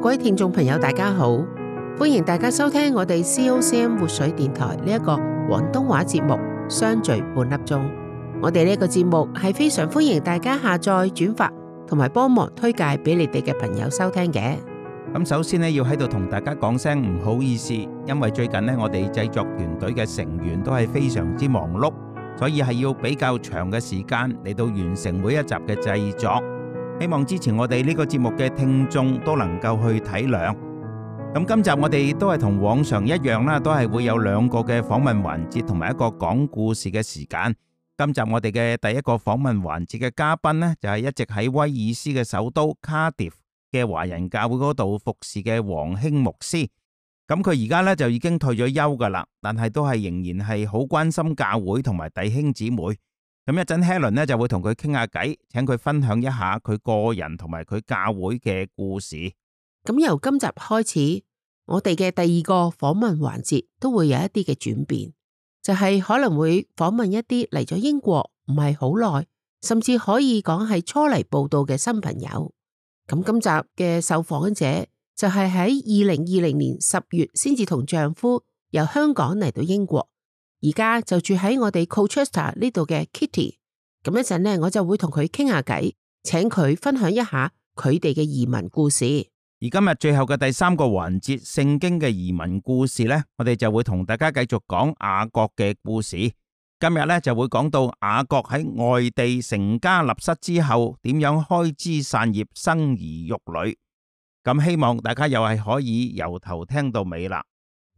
各位聽眾朋友，大家好，歡迎大家收聽我哋 COCM 活水電台呢一個廣東話節目《相聚半粒鐘》。我哋呢一個節目係非常歡迎大家下載、轉發同埋幫忙推介俾你哋嘅朋友收聽嘅。咁首先呢，要喺度同大家講聲唔好意思，因為最近呢，我哋製作團隊嘅成員都係非常之忙碌，所以係要比較長嘅時間嚟到完成每一集嘅製作。希望之前我哋呢個節目嘅聽眾都能夠去體諒。咁今集我哋都係同往常一樣啦，都係會有兩個嘅訪問環節，同埋一個講故事嘅時間。今集我哋嘅第一個訪問環節嘅嘉賓咧，就係一直喺威爾斯嘅首都卡迪夫嘅華人教會嗰度服侍嘅王興牧師。咁佢而家咧就已經退咗休噶啦，但係都係仍然係好關心教會同埋弟兄姊妹。咁一陣 Helen 就會同佢傾下偈，請佢分享一下佢個人同埋佢教會嘅故事。咁由今集開始，我哋嘅第二個訪問環節都會有一啲嘅轉變，就係、是、可能會訪問一啲嚟咗英國唔係好耐，甚至可以講係初嚟報道嘅新朋友。咁今集嘅受訪者就係喺二零二零年十月先至同丈夫由香港嚟到英國。而家就住喺我哋 Colchester 呢度嘅 Kitty，咁一陣咧，我就會同佢傾下偈，請佢分享一下佢哋嘅移民故事。而今日最後嘅第三個環節，聖經嘅移民故事咧，我哋就會同大家繼續講雅各嘅故事。今日咧就會講到雅各喺外地成家立室之後，點樣開枝散葉、生兒育女。咁希望大家又係可以由頭聽到尾啦。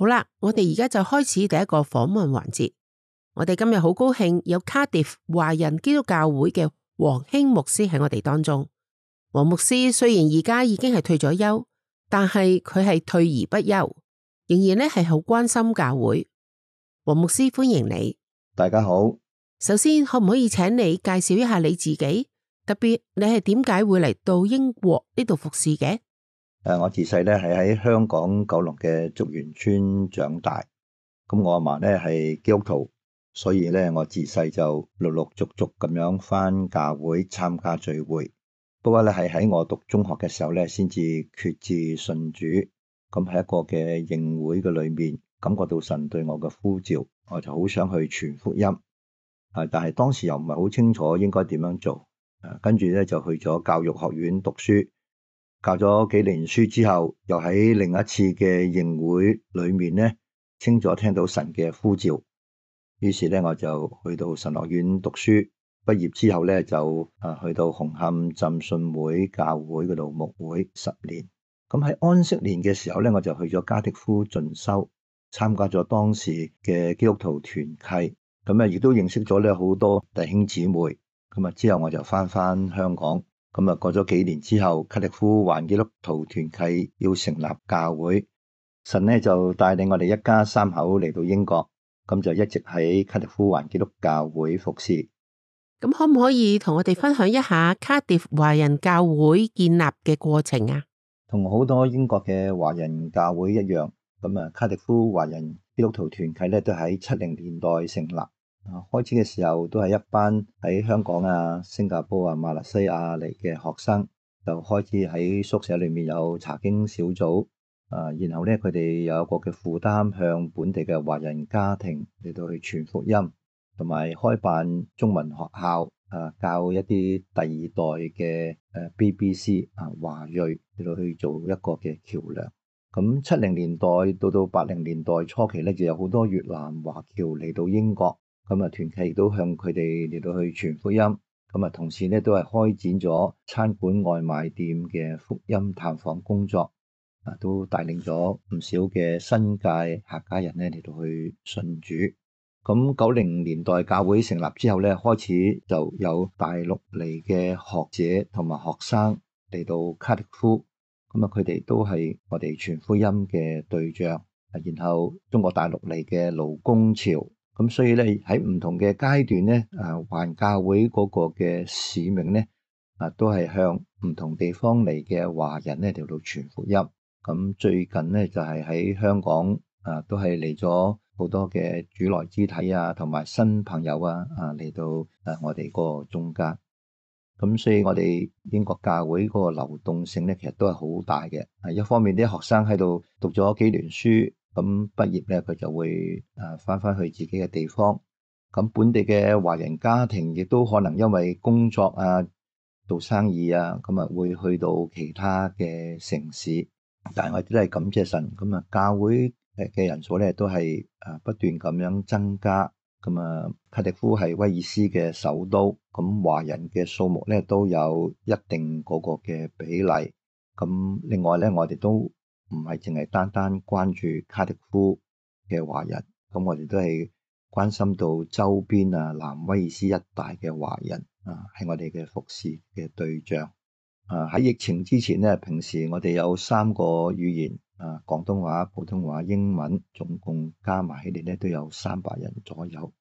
好啦，我哋而家就開始第一個訪問環節。我哋今日好高興有卡廸夫華人基督教會嘅王興牧師喺我哋當中。王牧師雖然而家已經係退咗休，但係佢係退而不休，仍然呢係好關心教會。王牧師歡迎你，大家好。首先可唔可以請你介紹一下你自己？特別你係點解會嚟到英國呢度服侍嘅？誒，我自細咧係喺香港九龍嘅竹園村長大，咁我阿嫲咧係基督徒，所以咧我自細就陸陸續續咁樣返教會參加聚會。不過咧係喺我讀中學嘅時候咧，先至決志信主，咁喺一個嘅營會嘅裏面感覺到神對我嘅呼召，我就好想去傳福音。但係當時又唔係好清楚應該點樣做，跟住咧就去咗教育學院讀書。教咗幾年書之後，又喺另一次嘅認會裏面咧，清楚聽到神嘅呼召，於是呢，我就去到神學院讀書，畢業之後呢，就啊去到紅磡浸信會教會嗰度牧會十年。咁喺安息年嘅時候呢，我就去咗加迪夫進修，參加咗當時嘅基督徒團契，咁啊亦都認識咗咧好多弟兄姊妹。咁啊之後我就翻返香港。咁啊、嗯，過咗幾年之後，卡迪夫華人基督徒團契要成立教會，神呢就帶領我哋一家三口嚟到英國，咁、嗯、就一直喺卡迪夫華人基督教會服侍。咁、嗯、可唔可以同我哋分享一下卡迪夫華人教會建立嘅過程啊？同好多英國嘅華人教會一樣，咁、嗯、啊卡迪夫華人基督徒團契咧都喺七零年代成立。啊，開始嘅時候都係一班喺香港啊、新加坡啊、馬來西亞嚟嘅學生，就開始喺宿舍裏面有查經小組啊，然後咧佢哋有一個嘅負擔向本地嘅華人家庭嚟到去傳福音，同埋開辦中文學校啊，教一啲第二代嘅誒 BBC 啊華裔嚟到去做一個嘅橋樑。咁七零年代到到八零年代初期咧，就有好多越南華僑嚟到英國。咁啊，團契亦都向佢哋嚟到去傳福音，咁啊，同時咧都係開展咗餐館、外賣店嘅福音探訪工作，啊，都帶領咗唔少嘅新界客家人咧嚟到去信主。咁九零年代教會成立之後咧，開始就有大陸嚟嘅學者同埋學生嚟到卡廸夫，咁啊，佢哋都係我哋傳福音嘅對象。然後中國大陸嚟嘅勞工潮。咁所以咧，喺唔同嘅階段咧，啊，萬教會嗰個嘅使命咧，就是，啊，都係向唔同地方嚟嘅華人咧，嚟到傳福音。咁最近咧，就係喺香港啊，都係嚟咗好多嘅主內肢體啊，同埋新朋友啊，啊嚟到啊，我哋個中間。咁所以，我哋英國教會嗰個流動性咧，其實都係好大嘅。啊，一方面啲學生喺度讀咗幾年書。咁畢業咧，佢就會啊返返去自己嘅地方。咁本地嘅華人家庭亦都可能因為工作啊、做生意啊，咁啊會去到其他嘅城市。但係我哋都係感謝神。咁啊，教會誒嘅人數咧都係啊不斷咁樣增加。咁啊，卡迪夫係威爾斯嘅首都。咁華人嘅數目咧都有一定嗰個嘅比例。咁另外咧，我哋都，唔係淨係單單關注卡迪夫嘅華人，咁我哋都係關心到周邊啊南威爾斯一帶嘅華人啊，係我哋嘅服侍嘅對象啊。喺疫情之前呢，平時我哋有三個語言啊，廣東話、普通話、英文，總共加埋起嚟呢都有三百人左右。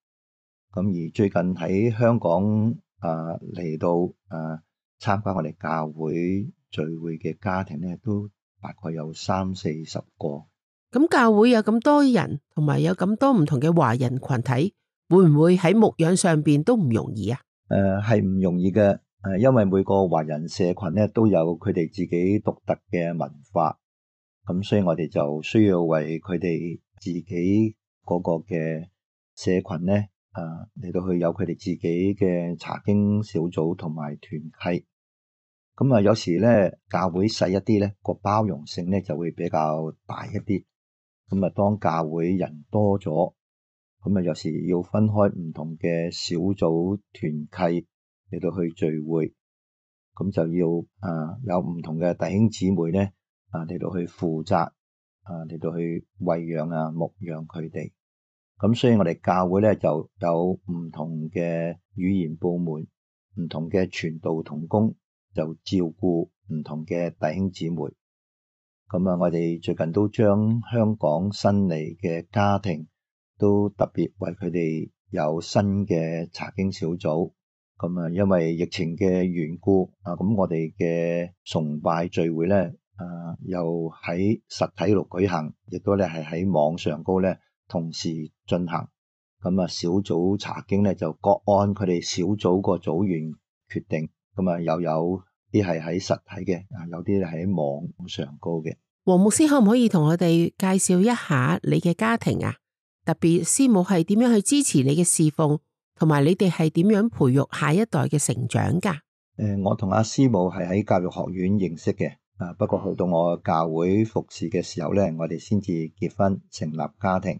咁、啊、而最近喺香港啊嚟到啊參加我哋教會聚會嘅家庭呢，都～大概有三四十個。咁教會有咁多人，有有多同埋有咁多唔同嘅華人群體，會唔會喺牧養上邊都唔容易啊？誒、呃，係唔容易嘅。誒、呃，因為每個華人社群咧都有佢哋自己獨特嘅文化，咁所以我哋就需要為佢哋自己嗰個嘅社群咧，啊、呃、嚟到去有佢哋自己嘅查經小組同埋團契。咁啊，有時咧，教會細一啲咧，個包容性咧就會比較大一啲。咁啊，當教會人多咗，咁啊，有時要分開唔同嘅小組團契嚟到去聚會，咁就要啊有唔同嘅弟兄姊妹咧啊嚟到去負責啊嚟到去餵養啊牧養佢哋。咁所以我哋教會咧就有唔同嘅語言部門，唔同嘅傳道同工。就照顧唔同嘅弟兄姊妹。咁啊，我哋最近都將香港新嚟嘅家庭都特別為佢哋有新嘅查經小組。咁啊，因為疫情嘅緣故啊，咁我哋嘅崇拜聚會咧啊，又喺實體度舉行，亦都咧係喺網上高咧同時進行。咁啊，小組查經咧就各按佢哋小組個組員決定。咁啊，又、嗯、有啲係喺實體嘅，啊，有啲係喺網上高嘅。王牧師可唔可以同我哋介紹一下你嘅家庭啊？特別師母係點樣去支持你嘅侍奉，同埋你哋係點樣培育下一代嘅成長㗎？誒、嗯，我同阿、啊、師母係喺教育學院認識嘅，啊不過去到我教會服侍嘅時候咧，我哋先至結婚成立家庭。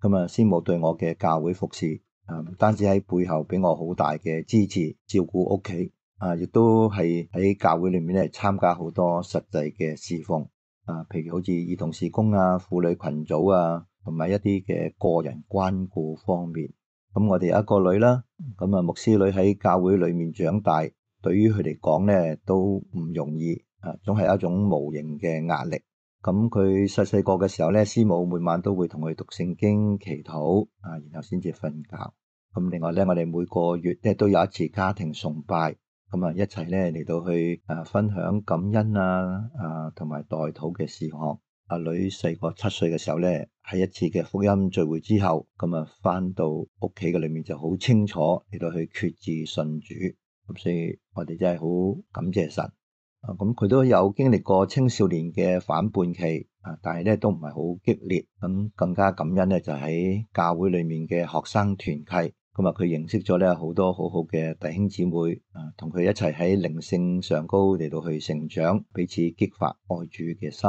咁、嗯、啊，師母對我嘅教會服侍，啊、嗯，唔單止喺背後俾我好大嘅支持照顧屋企。啊，亦都係喺教會裏面咧，參加好多實際嘅事奉啊，譬如好似兒童事工啊、婦女群組啊，同埋一啲嘅個人關顧方面。咁我哋有一個女啦，咁啊牧師女喺教會裏面長大，對於佢嚟講咧都唔容易啊，總係一種無形嘅壓力。咁佢細細個嘅時候咧，師母每晚都會同佢讀聖經祈禱啊，然後先至瞓覺。咁另外咧，我哋每個月咧都有一次家庭崇拜。咁啊，一齊咧嚟到去啊，分享感恩啊，啊同埋代禱嘅事項。阿、啊、女細個七歲嘅時候咧，喺一次嘅福音聚會之後，咁啊返到屋企嘅裏面就好清楚嚟到去決志信主。咁所以我哋真係好感謝神啊！咁佢都有經歷過青少年嘅反叛期啊，但係咧都唔係好激烈。咁更加感恩咧，就喺教會裏面嘅學生團契。咁啊，佢認識咗咧好多好好嘅弟兄姊妹啊，同佢一齊喺靈性上高嚟到去成長，彼此激發愛主嘅心，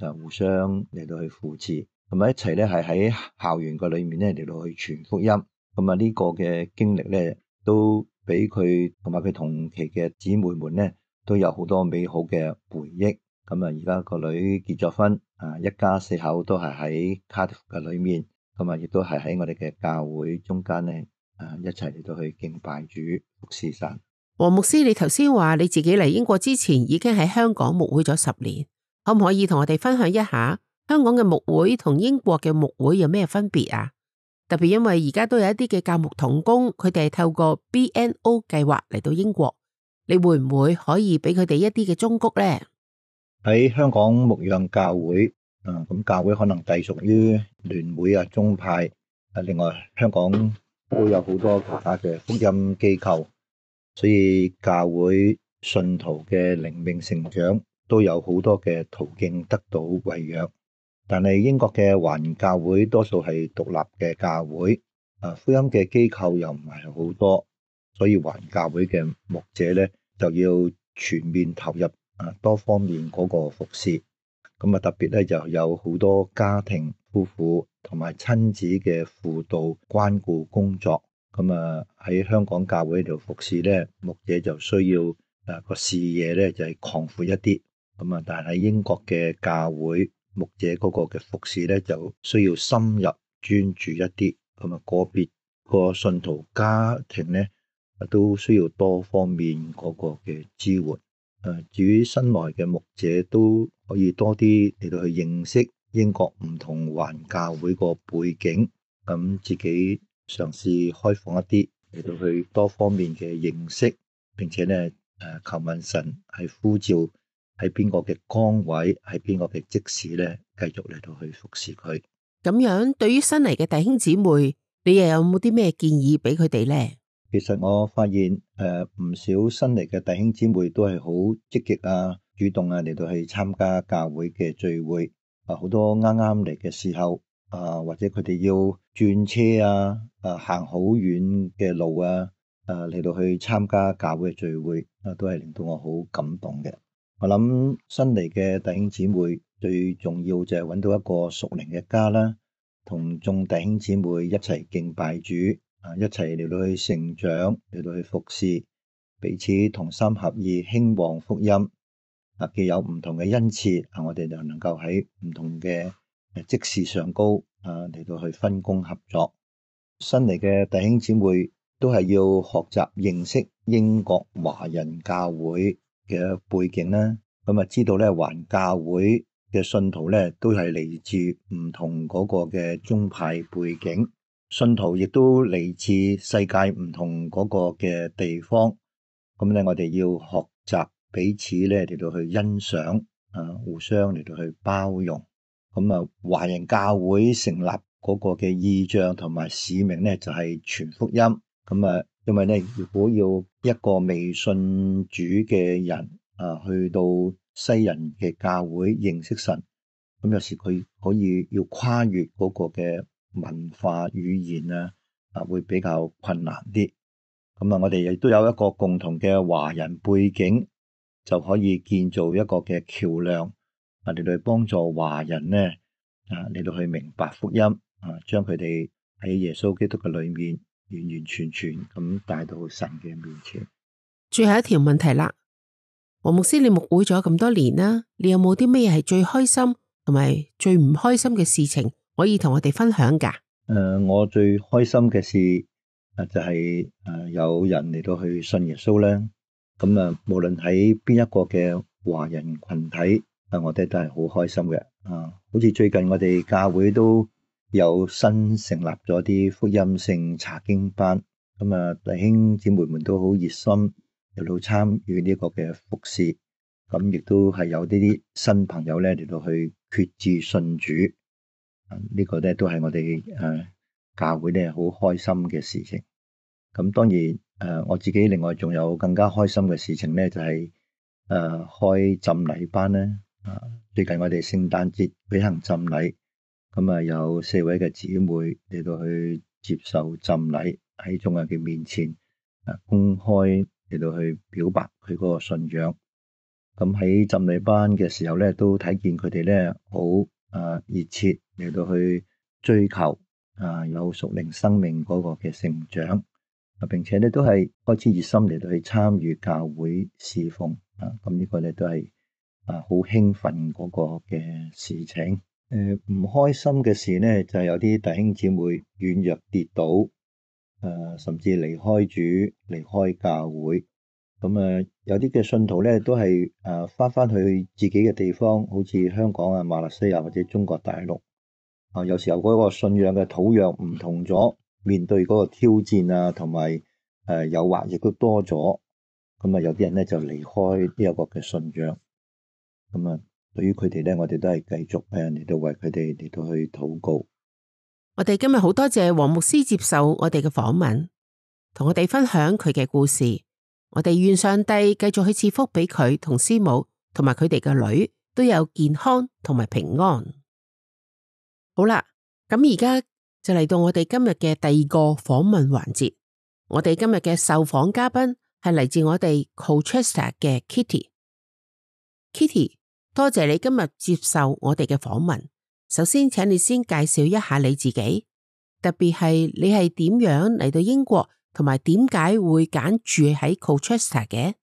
啊，互相嚟到去扶持，同埋一齊咧係喺校園個裏面咧嚟到去傳福音。咁啊，呢個嘅經歷咧都俾佢同埋佢同期嘅姊妹們咧都有好多美好嘅回憶。咁啊，而家個女結咗婚啊，一家四口都係喺卡迪夫嘅裏面，咁啊，亦都係喺我哋嘅教會中間咧。一齊嚟到去敬拜主，福師山。王牧師，你頭先話你自己嚟英國之前已經喺香港牧會咗十年，可唔可以同我哋分享一下香港嘅牧會同英國嘅牧會有咩分別啊？特別因為而家都有一啲嘅教牧同工，佢哋係透過 BNO 計劃嚟到英國，你會唔會可以俾佢哋一啲嘅忠告呢？喺香港牧養教會啊，咁、嗯嗯、教會可能隸屬於聯會啊、宗派啊，另外香港。都有好多其他嘅福音機構，所以教會信徒嘅靈命成長都有好多嘅途徑得到餵養。但係英國嘅華人教會多數係獨立嘅教會，啊，福音嘅機構又唔係好多，所以華人教會嘅牧者咧就要全面投入啊，多方面嗰個服侍。咁啊，特別咧，就有好多家庭夫婦同埋親子嘅輔導關顧工作。咁啊，喺香港教會度服侍咧，牧者就需要誒個視野咧就係擴闊一啲。咁啊，但係喺英國嘅教會牧者嗰個嘅服侍咧，就需要深入專注一啲。咁啊，個別個信徒家庭咧，都需要多方面嗰個嘅支援。誒，至於新來嘅牧者都可以多啲嚟到去認識英國唔同環教會個背景，咁、嗯、自己嘗試開放一啲嚟到去多方面嘅認識，並且呢，誒，求問神係呼召喺邊個嘅崗位，喺邊個嘅職事咧，繼續嚟到去服侍佢。咁樣對於新嚟嘅弟兄姊妹，你又有冇啲咩建議俾佢哋咧？其實我發現誒，呃、唔少新嚟嘅弟兄姊妹都係好積極啊、主動啊嚟到去參加教會嘅聚會啊，好多啱啱嚟嘅時候啊，或者佢哋要轉車啊、誒、啊、行好遠嘅路啊、誒、啊、嚟到去參加教會嘅聚會啊，都係令到我好感動嘅。我諗新嚟嘅弟兄姊妹最重要就係搵到一個屬靈嘅家啦，同眾弟兄姊妹一齊敬拜主。啊！一齊嚟到去成長，嚟到去服侍，彼此同心合意，興旺福音。啊，既有唔同嘅恩賜，啊，我哋就能夠喺唔同嘅即時上高啊嚟到去分工合作。新嚟嘅弟兄姊妹都係要學習認識英國華人教會嘅背景啦。咁啊，知道咧，環教會嘅信徒咧都係嚟自唔同嗰個嘅宗派背景。信徒亦都嚟自世界唔同嗰個嘅地方，咁咧我哋要學習彼此咧嚟到去欣賞啊，互相嚟到去包容。咁啊，華人教會成立嗰個嘅異象同埋使命咧就係傳福音。咁啊，因為咧如果要一個未信主嘅人啊去到西人嘅教會認識神，咁有時佢可以要跨越嗰個嘅。文化語言啊，啊會比較困難啲。咁啊，我哋亦都有一個共同嘅華人背景，就可以建造一個嘅橋樑，嚟到去幫助華人呢，啊嚟到去明白福音啊，將佢哋喺耶穌基督嘅裏面完完全全咁帶到神嘅面前。最後一條問題啦，王牧師，你牧會咗咁多年啦，你有冇啲咩嘢係最開心同埋最唔開心嘅事情？可以同我哋分享㗎。誒，我最開心嘅事啊，就係誒有人嚟到去信耶穌咧。咁啊，無論喺邊一個嘅華人群體，啊，我哋都係好開心嘅。啊，好似最近我哋教會都有新成立咗啲福音性查經班。咁啊，弟兄姊妹們都好熱心，又到參與呢個嘅服侍。咁亦都係有呢啲新朋友咧嚟到去決志信主。啊這個、呢個咧都係我哋誒、啊、教會咧好開心嘅事情。咁、啊、當然誒、啊，我自己另外仲有更加開心嘅事情咧，就係、是、誒、啊、開浸禮班咧、啊。最近我哋聖誕節舉行浸禮，咁啊有四位嘅姊妹嚟到去接受浸禮，喺眾人嘅面前、啊、公開嚟到去表白佢嗰個信仰。咁、啊、喺、啊、浸禮班嘅時候咧，都睇見佢哋咧好～啊！熱切嚟到去追求啊，有屬靈生命嗰個嘅成長啊，並且咧都係開始熱心嚟到去參與教會侍奉啊！咁、這個、呢個咧都係啊好興奮嗰個嘅事情。誒、呃，唔開心嘅事呢，就係、是、有啲弟兄姊妹軟弱跌倒、啊，甚至離開主，離開教會。咁、嗯、啊，有啲嘅信徒咧，都係誒翻翻去自己嘅地方，好似香港啊、馬來西亞或者中國大陸啊，有時候嗰個信仰嘅土壤唔同咗，面對嗰個挑戰啊，同埋誒誘惑亦都多咗，咁、嗯、啊有啲人咧就離開呢個嘅信仰。咁、嗯嗯嗯嗯、啊，對於佢哋咧，我哋都係繼續誒嚟到為佢哋嚟到去禱告。我哋今日好多謝王牧師接受我哋嘅訪問，同我哋分享佢嘅故事。我哋願上帝繼續去賜福畀佢同師母，同埋佢哋嘅女都有健康同埋平安。好啦，咁而家就嚟到我哋今日嘅第二個訪問環節。我哋今日嘅受訪嘉賓係嚟自我哋 Colchester 嘅 Kitty。Kitty，多謝你今日接受我哋嘅訪問。首先，請你先介紹一下你自己，特別係你係點樣嚟到英國。同埋點解會揀住喺 Colchester 嘅？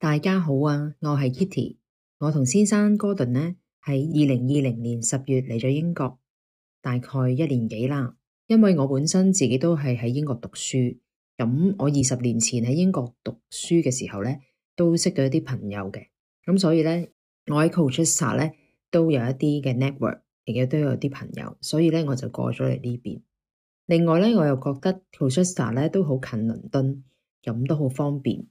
大家好啊，我係 Kitty，我同先生 Gordon 呢，喺二零二零年十月嚟咗英國，大概一年幾啦。因為我本身自己都係喺英國讀書，咁我二十年前喺英國讀書嘅時候呢，都認識咗一啲朋友嘅，咁所以呢，我喺 Colchester 呢都有一啲嘅 network，亦都有啲朋友，所以呢，我就過咗嚟呢邊。另外呢，我又覺得 Colchester 都好近倫敦，咁都好方便。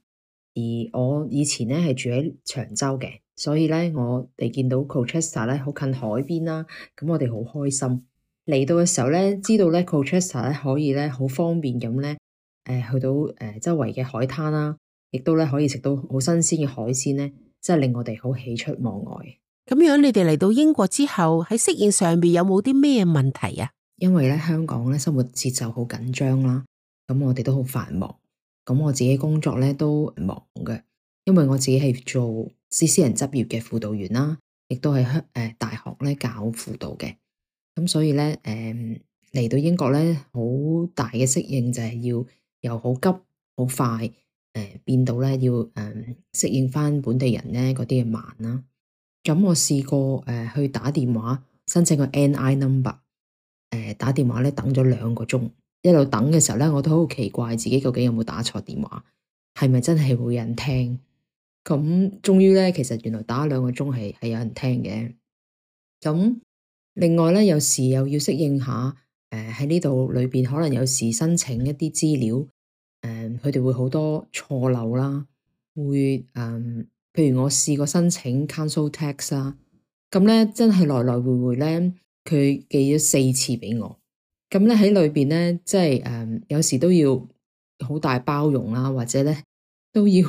而我以前咧係住喺長洲嘅，所以呢，我哋見到 Colchester 好近海邊啦，咁我哋好開心。嚟到嘅時候呢，知道呢 Colchester 可以呢好方便咁呢誒去到誒周圍嘅海灘啦、啊，亦都呢可以食到好新鮮嘅海鮮呢，真係令我哋好喜出望外。咁樣，你哋嚟到英國之後喺適應上面有冇啲咩問題呀、啊？因為咧，香港咧生活節奏好緊張啦，咁我哋都好繁忙，咁我自己工作咧都忙嘅，因為我自己係做私私人執業嘅輔導員啦，亦都係香誒大學咧教輔導嘅，咁所以咧誒嚟到英國咧好大嘅適應就係要由好急好快誒、呃、變到咧要誒、嗯、適應返本地人咧嗰啲嘅慢啦，咁、嗯、我試過誒、呃、去打電話申請個 N I number。誒，打電話咧等咗兩個鐘，一路等嘅時候咧，我都好奇怪自己究竟有冇打錯電話，係咪真係會有人聽？咁終於咧，其實原來打兩個鐘係係有人聽嘅。咁另外咧，有時又要適應下，誒喺呢度裏邊可能有時申請一啲資料，誒佢哋會好多錯漏啦，會誒、呃，譬如我試過申請 council tax 啦，咁咧真係來來回回咧。佢寄咗四次畀我，咁咧喺裏邊咧，即係誒、嗯，有時都要好大包容啦，或者咧都要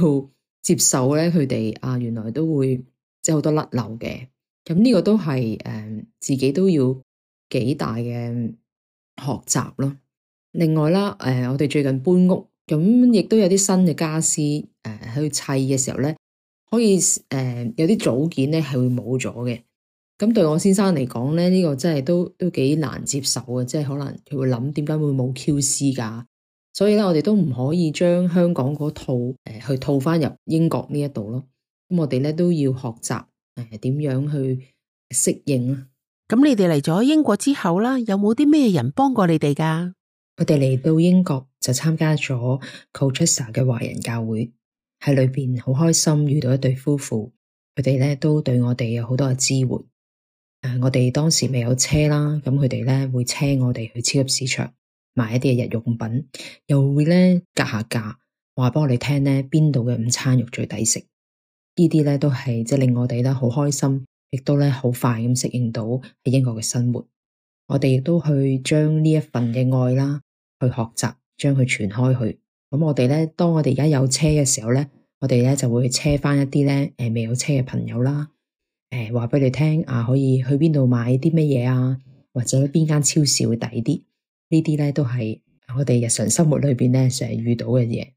接受咧，佢哋啊，原來都會即係好多甩漏嘅，咁呢個都係誒、嗯、自己都要幾大嘅學習咯。另外啦，誒、嗯、我哋最近搬屋，咁、嗯、亦都有啲新嘅家私誒，去砌嘅時候咧，可以誒、嗯、有啲組件咧係會冇咗嘅。咁對我先生嚟講咧，呢、這個真係都都幾難接受嘅，即係可能佢會諗點解會冇 Q C 噶，所以呢，我哋都唔可以將香港嗰套、呃、去套翻入英國呢一度咯。咁、嗯、我哋咧都要學習誒點樣去適應啦。咁你哋嚟咗英國之後啦，有冇啲咩人幫過你哋噶我哋嚟到英國就參加咗 Colchester 嘅華人教會，喺裏面好開心遇到一對夫婦，佢哋咧都對我哋有好多嘅支援。我哋當時未有車啦，咁佢哋咧會車我哋去超級市場買一啲日用品，又會咧格下價，話俾我哋聽咧邊度嘅午餐肉最抵食，呢啲咧都係即係令我哋咧好開心，亦都咧好快咁適應到喺英國嘅生活。我哋亦都去將呢一份嘅愛啦，去學習，將佢傳開去。咁我哋咧，當我哋而家有車嘅時候咧，我哋咧就會去車翻一啲咧，誒未有車嘅朋友啦。誒，話俾、呃、你聽啊，可以去邊度買啲乜嘢啊，或者邊間超市會抵啲？呢啲咧都係我哋日常生活裏邊咧成日遇到嘅嘢，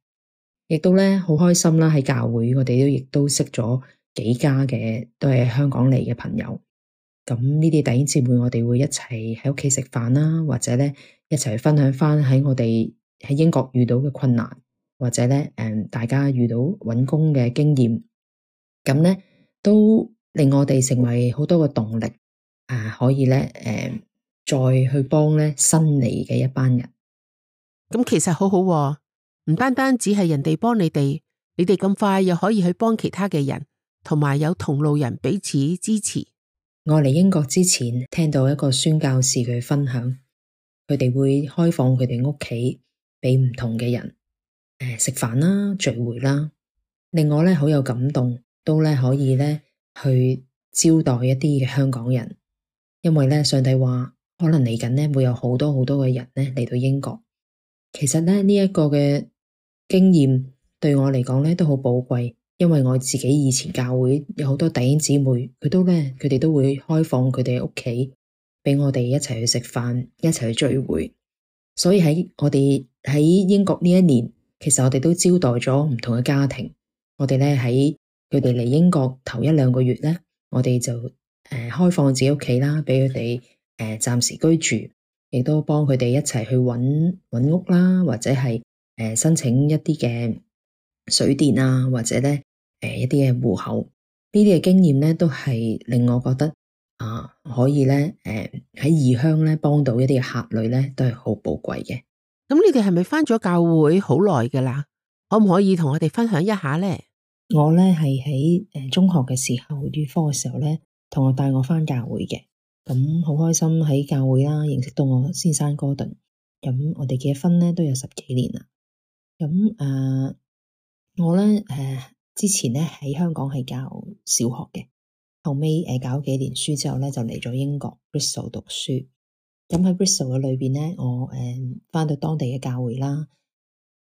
亦都咧好開心啦。喺教會，我哋都亦都識咗幾家嘅，都係香港嚟嘅朋友。咁呢啲弟兄姊妹，我哋會一齊喺屋企食飯啦，或者咧一齊分享翻喺我哋喺英國遇到嘅困難，或者咧誒大家遇到搵工嘅經驗，咁咧都。令我哋成為好多嘅動力，啊，可以咧，誒，再去幫咧新嚟嘅一班人。咁其實好好、啊，唔單單只係人哋幫你哋，你哋咁快又可以去幫其他嘅人，同埋有同路人彼此支持。我嚟英國之前聽到一個宣教士佢分享，佢哋會開放佢哋屋企俾唔同嘅人，誒、啊，食飯啦，聚會啦，令我咧好有感動，都咧可以咧。去招待一啲嘅香港人，因為咧，上帝話可能嚟緊咧會有好多好多嘅人咧嚟到英國。其實咧呢一個嘅經驗對我嚟講咧都好寶貴，因為我自己以前教會有好多弟兄姊妹，佢都咧佢哋都會開放佢哋屋企畀我哋一齊去食飯，一齊去聚會。所以喺我哋喺英國呢一年，其實我哋都招待咗唔同嘅家庭。我哋咧喺。佢哋嚟英國頭一兩個月呢，我哋就誒、呃、開放自己屋企啦，俾佢哋誒暫時居住，亦都幫佢哋一齊去搵搵屋啦，或者係、呃、申請一啲嘅水電啊，或者咧、呃、一啲嘅戶口，呢啲嘅經驗呢，都係令我覺得啊可以呢誒喺異鄉咧幫到一啲客旅呢，都係好寶貴嘅。咁你哋係咪返咗教會好耐㗎喇？可唔可以同我哋分享一下呢？我呢係喺中學嘅時候，預科嘅時候呢，同學帶我返教會嘅，咁好開心喺教會啦，認識到我先生哥頓，咁我哋結婚呢都有十幾年啦，咁、uh, 我呢、uh, 之前呢喺香港係教小學嘅，後尾搞教幾年書之後呢就嚟咗英國 Bristol 讀書，咁喺 Bristol 嘅裏邊呢，我誒返、uh, 到當地嘅教會啦，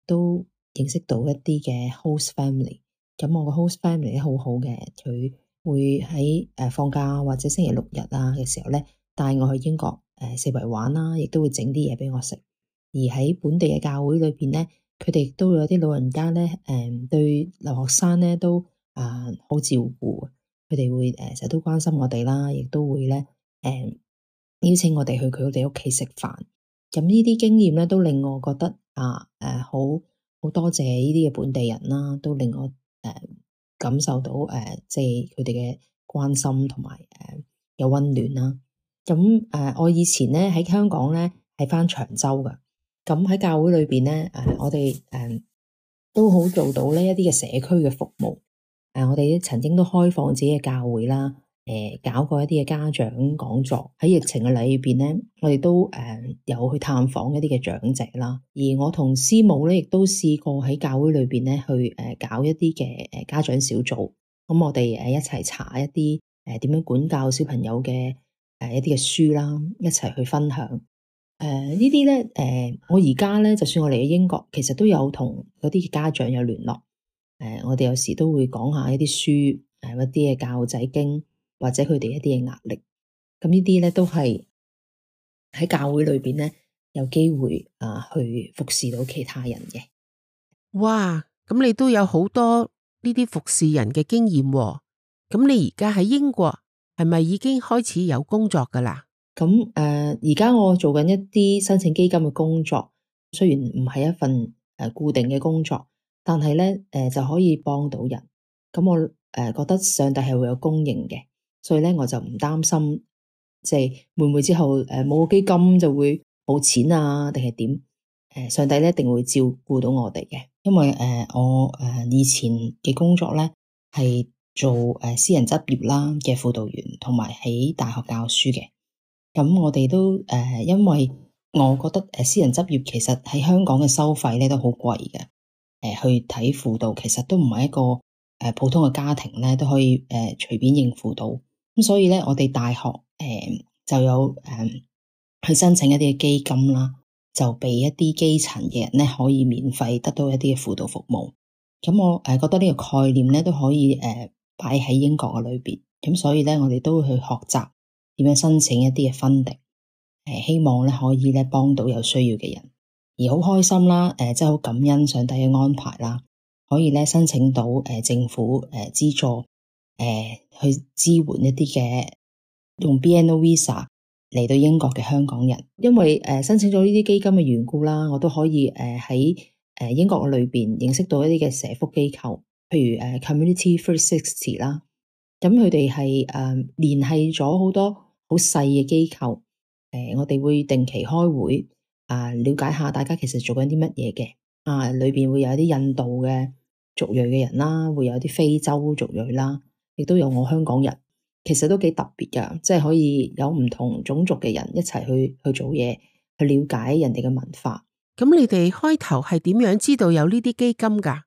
都認識到一啲嘅 host family。咁我個 host family 咧好好嘅，佢會喺誒、呃、放假或者星期六日啊嘅時候咧，帶我去英國誒、呃、四圍玩啦，亦都會整啲嘢畀我食。而喺本地嘅教會裏邊咧，佢哋亦都有啲老人家咧，誒、呃、對留學生咧都啊、呃、好照顧，佢哋會誒成日都關心我哋啦，亦都會咧誒、呃、邀請我哋去佢哋屋企食飯。咁呢啲經驗咧都令我覺得啊誒好好多謝呢啲嘅本地人啦，都令我。誒，感受到誒、呃，即係佢哋嘅關心同埋誒，有、呃、溫暖啦。咁誒、呃，我以前咧喺香港咧係翻長洲噶，咁喺教會裏邊咧，誒、呃，我哋誒、呃、都好做到呢一啲嘅社區嘅服務。誒、呃，我哋曾經都開放自己嘅教會啦。誒，搞過一啲嘅家長講座，喺疫情嘅裏邊咧，我哋都誒有去探訪一啲嘅長者啦。而我同師母咧，亦都試過喺教會裏邊咧去誒搞一啲嘅誒家長小組。咁我哋誒一齊查一啲誒點樣管教小朋友嘅誒一啲嘅書啦，一齊去分享。誒、呃、呢啲咧，誒、呃、我而家咧就算我嚟咗英國，其實都有同嗰啲家長有聯絡。誒、呃、我哋有時都會講下一啲書，誒、呃、一啲嘅教仔經，或者佢哋一啲嘅壓力，咁呢啲咧都係喺教會裏邊咧有機會啊去服侍到其他人嘅。哇！咁你都有好多呢啲服侍人嘅經驗，哦，咁你而家喺英國係咪已經開始有工作噶啦？咁誒、嗯，而、呃、家我在做緊一啲申請基金嘅工作，雖然唔係一份誒固定嘅工作，但係咧誒就可以幫到人。咁、嗯、我誒、呃、覺得上帝係會有供應嘅。所以咧，我就唔擔心，即係會唔會之後誒冇基金就會冇錢啊？定係點誒？上帝咧一定會照顧到我哋嘅，因為誒我誒以前嘅工作咧係做誒私人執業啦嘅輔導員，同埋喺大學教書嘅。咁我哋都誒，因為我覺得誒私人執業其實喺香港嘅收費咧都好貴嘅。誒，去睇輔導其實都唔係一個誒普通嘅家庭咧都可以誒隨便應付到。咁所以呢，我哋大學、嗯、就有、嗯、去申請一啲基金啦，就俾一啲基層嘅人呢可以免費得到一啲嘅輔導服務。咁、嗯、我誒覺得呢個概念呢都可以誒擺喺英國嘅裏面。咁所以呢，我哋都會去學習點樣申請一啲嘅 funding，希望呢可以咧幫到有需要嘅人。而好開心啦，真係好感恩上帝嘅安排啦，可以咧申請到、呃、政府誒資、呃、助。誒去支援一啲嘅用 BNO Visa 嚟到英國嘅香港人，因為誒、呃、申請咗呢啲基金嘅緣故啦，我都可以誒喺誒英國嘅裏邊認識到一啲嘅社福機構，譬如誒、啊、Community First Sixty 啦，咁佢哋係誒聯繫咗好多好細嘅機構，誒、呃、我哋會定期開會啊，瞭、呃、解下大家其實做緊啲乜嘢嘅，啊裏邊會有一啲印度嘅族裔嘅人啦，會有啲非洲族裔啦。亦都有我香港人，其實都幾特別噶即係可以有唔同種族嘅人一齊去去做嘢，去了解人哋嘅文化。咁你哋開頭係點樣知道有呢啲基金噶？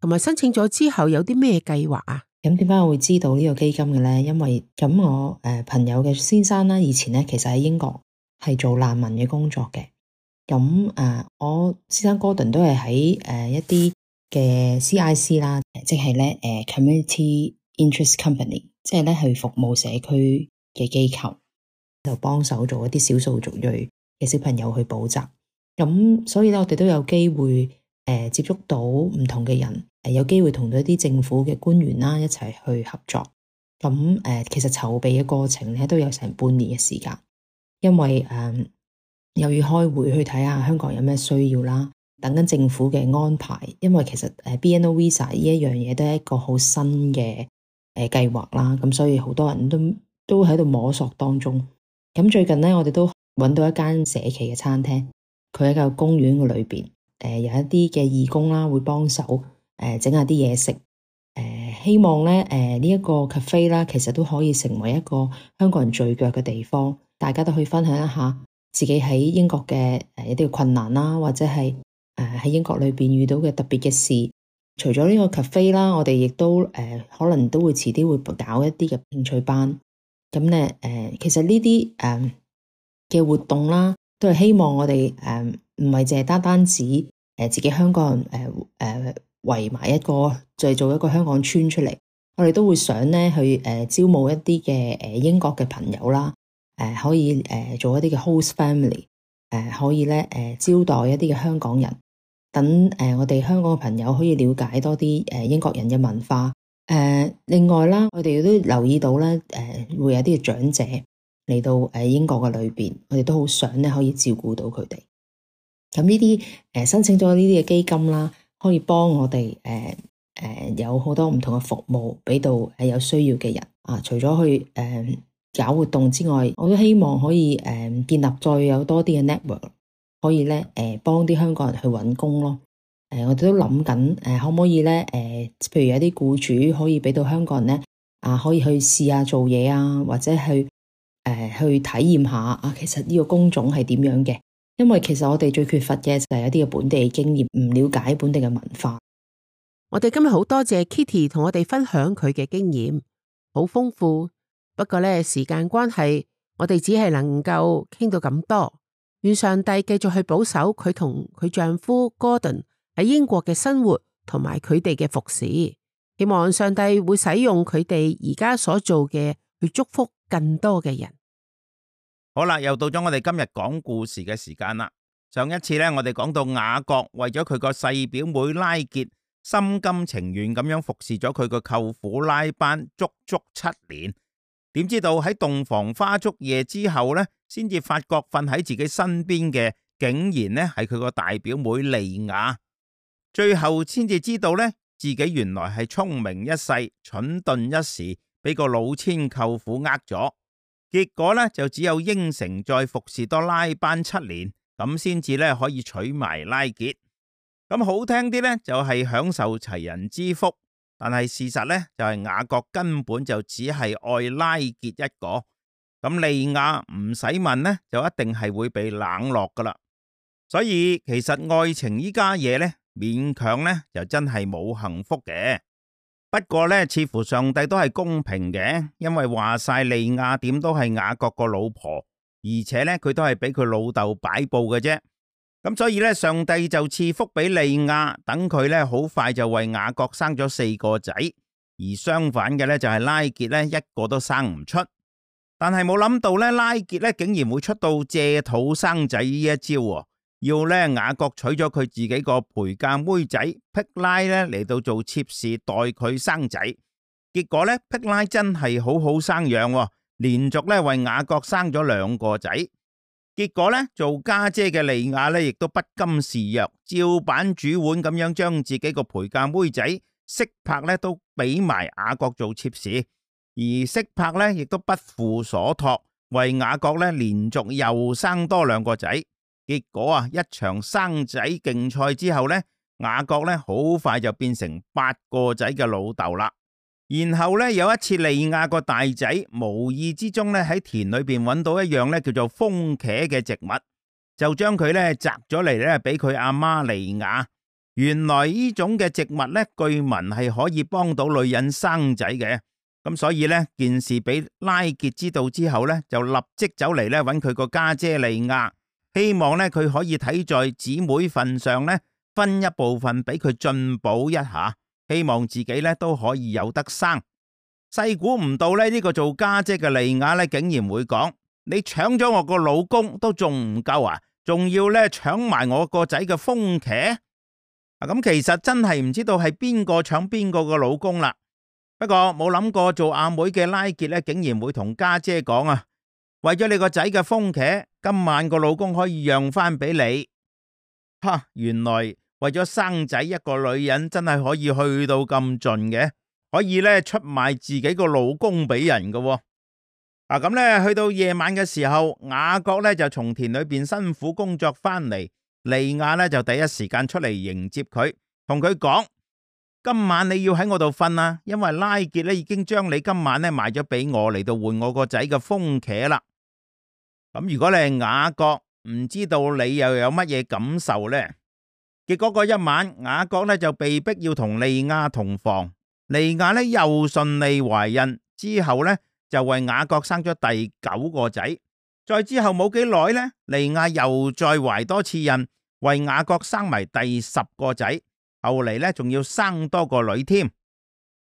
同埋申請咗之後有啲咩計劃啊？咁點解我會知道呢個基金嘅咧？因為咁我誒朋友嘅先生啦，以前咧其實喺英國係做難民嘅工作嘅。咁誒，我先生哥 o 都係喺誒一啲嘅 CIC 啦，即係咧誒 Community。Interest Company，即係咧去服務社區嘅機構，就幫手做一啲少數族裔嘅小朋友去補習。咁所以咧，我哋都有機會誒、呃，接觸到唔同嘅人，誒、呃，有機會同到一啲政府嘅官員啦，一齊去合作。咁誒、呃，其實籌備嘅過程咧都有成半年嘅時間，因為誒又、呃、要開會去睇下香港有咩需要啦，等緊政府嘅安排。因為其實誒 BNO Visa 呢一樣嘢都係一個好新嘅。誒，計劃啦，咁所以好多人都都喺度摸索當中。咁最近呢，我哋都揾到一間社企嘅餐廳，佢喺個公園嘅裏邊。誒、呃，有一啲嘅義工啦，會幫手誒整下啲嘢食。誒、呃，希望咧，誒呢一個 cafe 啦，其實都可以成為一個香港人聚腳嘅地方，大家都可以分享一下自己喺英國嘅誒一啲困難啦，或者係誒喺英國裏邊遇到嘅特別嘅事。除咗呢個 cafe 啦，我哋亦都誒，可能都會遲啲會搞一啲嘅興趣班。咁咧誒，其實呢啲誒嘅活動啦，都係希望我哋誒唔係淨係單單止誒自己香港人誒誒圍埋一個，再做一個香港村出嚟。我哋都會想咧去誒、呃、招募一啲嘅誒英國嘅朋友啦，誒、呃、可以誒做一啲嘅 host family，誒、呃、可以咧誒、呃、招待一啲嘅香港人。等誒我哋香港嘅朋友可以了解多啲誒英國人嘅文化。誒、呃、另外啦，我哋亦都留意到咧，誒、呃、會有啲長者嚟到誒英國嘅裏邊，我哋都好想咧可以照顧到佢哋。咁呢啲誒申請咗呢啲嘅基金啦，可以幫我哋誒誒有好多唔同嘅服務俾到係有需要嘅人啊。除咗去誒、呃、搞活動之外，我都希望可以誒、呃、建立再有多啲嘅 network。可以咧，誒，幫啲香港人去搵工咯。誒，我哋都諗緊，誒，可唔可以咧，誒，譬如有啲僱主可以俾到香港人咧，啊，可以去試下做嘢啊，或者去，誒，去體驗下啊，其實呢個工種係點樣嘅？因為其實我哋最缺乏嘅就係一啲嘅本地經驗，唔了解本地嘅文化。我哋今日好多謝 Kitty 同我哋分享佢嘅經驗，好豐富。不過咧，時間關係，我哋只係能夠傾到咁多。願上帝繼續去保守佢同佢丈夫戈登喺英國嘅生活，同埋佢哋嘅服侍。希望上帝會使用佢哋而家所做嘅去祝福更多嘅人。好啦，又到咗我哋今日講故事嘅時間啦。上一次咧，我哋講到雅各為咗佢個細表妹拉結，心甘情願咁樣服侍咗佢個舅父拉班足足七年。點知道喺洞房花燭夜之後呢，先至發覺瞓喺自己身邊嘅竟然呢係佢個大表妹利亞，最後先至知道呢自己原來係聰明一世、蠢鈍一時，俾個老千舅父呃咗，結果呢，就只有應承再服侍多拉班七年，咁先至呢可以娶埋拉結，咁、嗯、好聽啲呢，就係、是、享受齊人之福。但係事實咧，就係、是、雅各根本就只係愛拉結一個，咁利亞唔使問咧就一定係會被冷落噶啦。所以其實愛情依家嘢咧勉強咧就真係冇幸福嘅。不過咧似乎上帝都係公平嘅，因為話晒利亞點都係雅各個老婆，而且咧佢都係俾佢老豆擺布嘅啫。咁所以咧，上帝就賜福俾利亞，等佢咧好快就為雅各生咗四個仔。而相反嘅咧就係、是、拉結咧一個都生唔出。但係冇諗到咧，拉結咧竟然會出到借肚生仔呢一招、哦，要咧雅各娶咗佢自己個陪嫁妹仔劈拉咧嚟到做妾侍，代佢生仔。結果咧，劈拉真係好好生養、哦，連續咧為雅各生咗兩個仔。結果咧，做家姐嘅利亞咧，亦都不甘示弱，照板煮碗咁樣將自己個陪嫁妹仔悉帕咧都俾埋雅各做妾侍，而悉帕咧亦都不負所託，為雅各咧連續又生多兩個仔。結果啊，一場生仔競賽之後咧，雅各咧好快就變成八個仔嘅老豆啦。然後咧，有一次利亞個大仔無意之中咧喺田裏邊搵到一樣咧叫做風茄嘅植物，就將佢咧摘咗嚟，咧俾佢阿媽利亞。原來呢種嘅植物咧，據聞係可以幫到女人生仔嘅。咁所以咧，件事俾拉結知道之後咧，就立即走嚟咧搵佢個家姐利亞，希望咧佢可以睇在姊妹份上咧，分一部分俾佢進補一下。希望自己咧都可以有得生，細估唔到咧呢、呢個做家姐嘅利亞咧竟然會講：你搶咗我個老公都仲唔夠啊，仲要咧搶埋我個仔嘅風茄啊！咁其實真係唔知道係邊個搶邊個個老公啦。不過冇諗過做阿妹嘅拉杰咧，竟然會同家姐講啊，為咗你個仔嘅風茄，今晚個老公可以讓翻俾你。吓，原來。為咗生仔，一個女人真係可以去到咁盡嘅，可以咧出賣自己個老公俾人嘅。啊，咁咧去到夜晚嘅時候，雅各咧就從田裏邊辛苦工作翻嚟，利亞咧就第一時間出嚟迎接佢，同佢講：今晚你要喺我度瞓啦，因為拉杰咧已經將你今晚咧賣咗俾我嚟到換我個仔嘅風茄啦。咁、嗯、如果你係雅各，唔知道你又有乜嘢感受咧？結果嗰一晚，雅各咧就被逼要同利亞同房，利亞咧又順利懷孕之後咧就為雅各生咗第九個仔。再之後冇幾耐咧，利亞又再懷多次孕，為雅各生埋第十個仔。後嚟咧仲要生多個女添。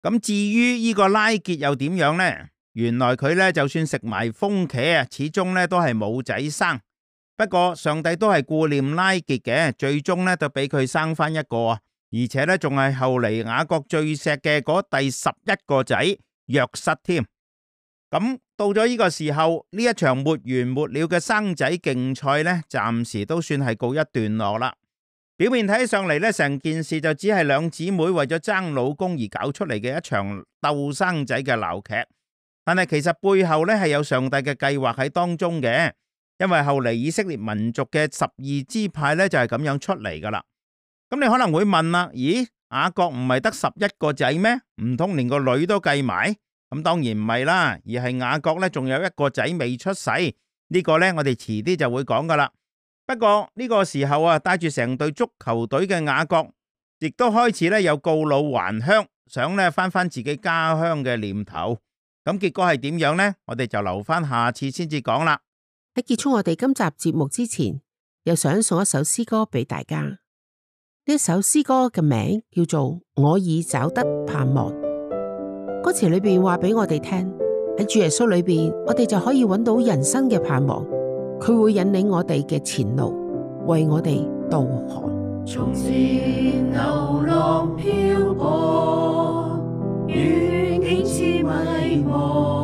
咁至於呢個拉結又點樣呢？原來佢咧就算食埋風茄啊，始終咧都係冇仔生。不過上帝都係顧念拉結嘅，最終呢就俾佢生返一個，而且呢，仲係後嚟雅各最錫嘅嗰第十一個仔約瑟添。咁、嗯、到咗呢個時候，呢一場沒完沒了嘅生仔競賽呢，暫時都算係告一段落啦。表面睇起上嚟呢，成件事就只係兩姊妹為咗爭老公而搞出嚟嘅一場鬥生仔嘅鬧劇，但係其實背後呢，係有上帝嘅計劃喺當中嘅。因為後嚟以色列民族嘅十二支派呢就係咁樣出嚟噶啦。咁你可能會問啦，咦，雅各唔係得十一個仔咩？唔通連個女都計埋？咁當然唔係啦，而係雅各呢仲有一個仔未出世。呢個呢我哋遲啲就會講噶啦。不過呢個時候啊，帶住成隊足球隊嘅雅各，亦都開始呢有告老還鄉，想呢翻翻自己家鄉嘅念頭。咁結果係點樣呢？我哋就留翻下次先至講啦。喺結束我哋今集節目之前，又想送一首詩歌俾大家。呢首詩歌嘅名叫做《我已找得盼望》，歌詞裏邊話俾我哋聽，喺主耶穌裏邊，我哋就可以揾到人生嘅盼望，佢會引領我哋嘅前路，為我哋導航。從前流浪飄泊，遠景似迷